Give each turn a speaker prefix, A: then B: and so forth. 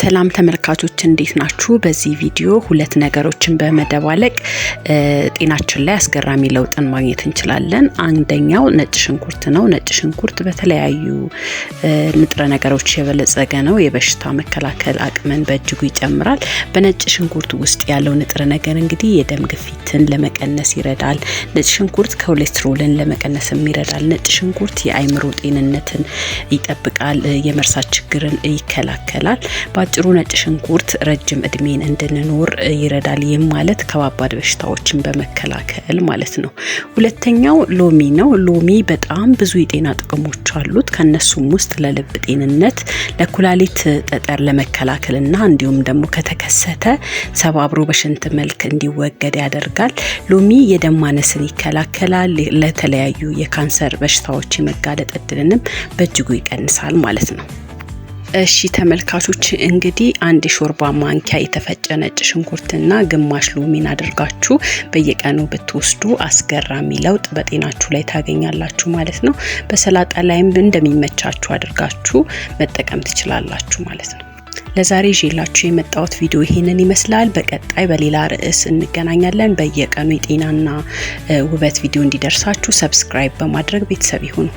A: ሰላም ተመልካቾች እንዴት ናችሁ? በዚህ ቪዲዮ ሁለት ነገሮችን በመደባለቅ ጤናችን ላይ አስገራሚ ለውጥን ማግኘት እንችላለን። አንደኛው ነጭ ሽንኩርት ነው። ነጭ ሽንኩርት በተለያዩ ንጥረ ነገሮች የበለጸገ ነው። የበሽታ መከላከል አቅምን በእጅጉ ይጨምራል። በነጭ ሽንኩርት ውስጥ ያለው ንጥረ ነገር እንግዲህ የደም ግፊትን ለመቀነስ ይረዳል። ነጭ ሽንኩርት ኮሌስትሮልን ለመቀነስም ይረዳል። ነጭ ሽንኩርት የአይምሮ ጤንነትን ይጠብቃል። የመርሳት ችግርን ይከላከላል። በአጭሩ ነጭ ሽንኩርት ረጅም እድሜን እንድንኖር ይረዳል። ይህም ማለት ከባባድ በሽታዎችን በመከላከል ማለት ነው። ሁለተኛው ሎሚ ነው። ሎሚ በጣም ብዙ የጤና ጥቅሞች አሉት። ከነሱም ውስጥ ለልብ ጤንነት፣ ለኩላሊት ጠጠር ለመከላከልና እንዲሁም ደግሞ ከተከሰተ ሰባብሮ በሽንት መልክ እንዲወገድ ያደርጋል። ሎሚ የደም ማነስን ይከላከላል። ለተለያዩ የካንሰር በሽታዎች የመጋለጥ እድልንም በእጅጉ ይቀንሳል ማለት ነው። እሺ ተመልካቾች እንግዲህ አንድ የሾርባ ማንኪያ የተፈጨ ነጭ ሽንኩርትና ግማሽ ሎሚን አድርጋችሁ በየቀኑ ብትወስዱ አስገራሚ ለውጥ በጤናችሁ ላይ ታገኛላችሁ ማለት ነው። በሰላጣ ላይም እንደሚመቻችሁ አድርጋችሁ መጠቀም ትችላላችሁ ማለት ነው። ለዛሬ ይዤላችሁ የመጣሁት ቪዲዮ ይሄንን ይመስላል። በቀጣይ በሌላ ርዕስ እንገናኛለን። በየቀኑ የጤናና ውበት ቪዲዮ እንዲደርሳችሁ ሰብስክራይብ በማድረግ ቤተሰብ ይሁኑ።